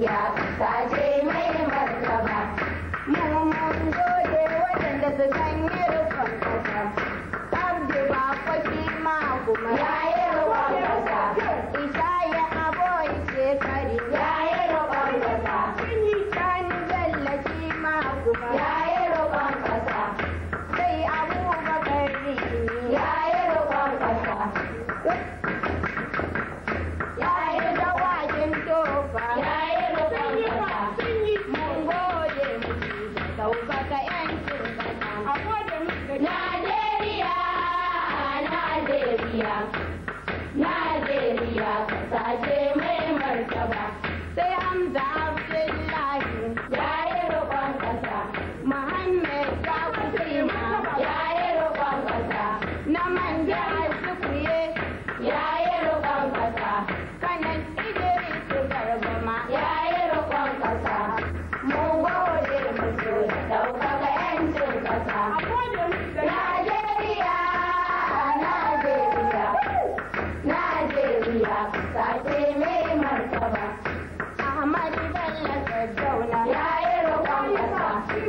godiya sace mai martaba mu mun gode waɗanda su kan yi rufan kasa abdi ba kwashi ma kuma Najeriya, Najeriya, sace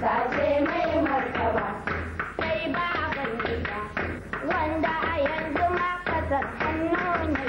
wanda a yanzu ma kasar hannu mai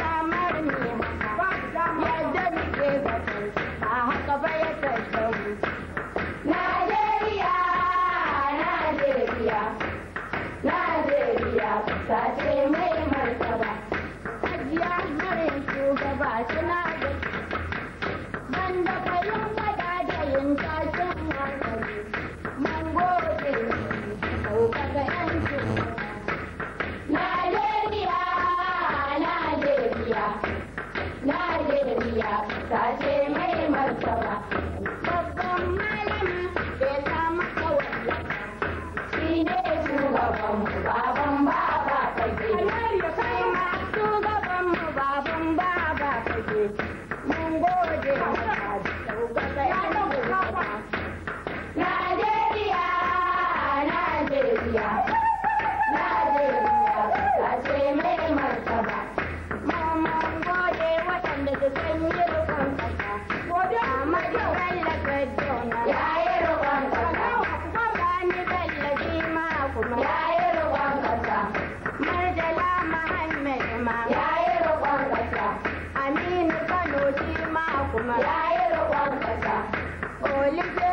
gode, shi ma kuma ya yi roƙon kasa.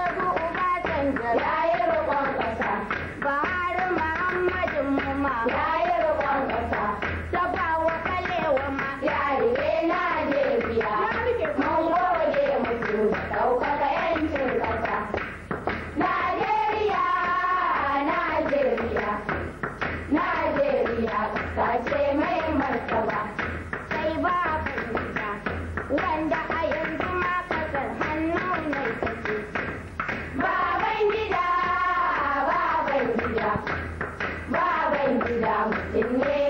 down in the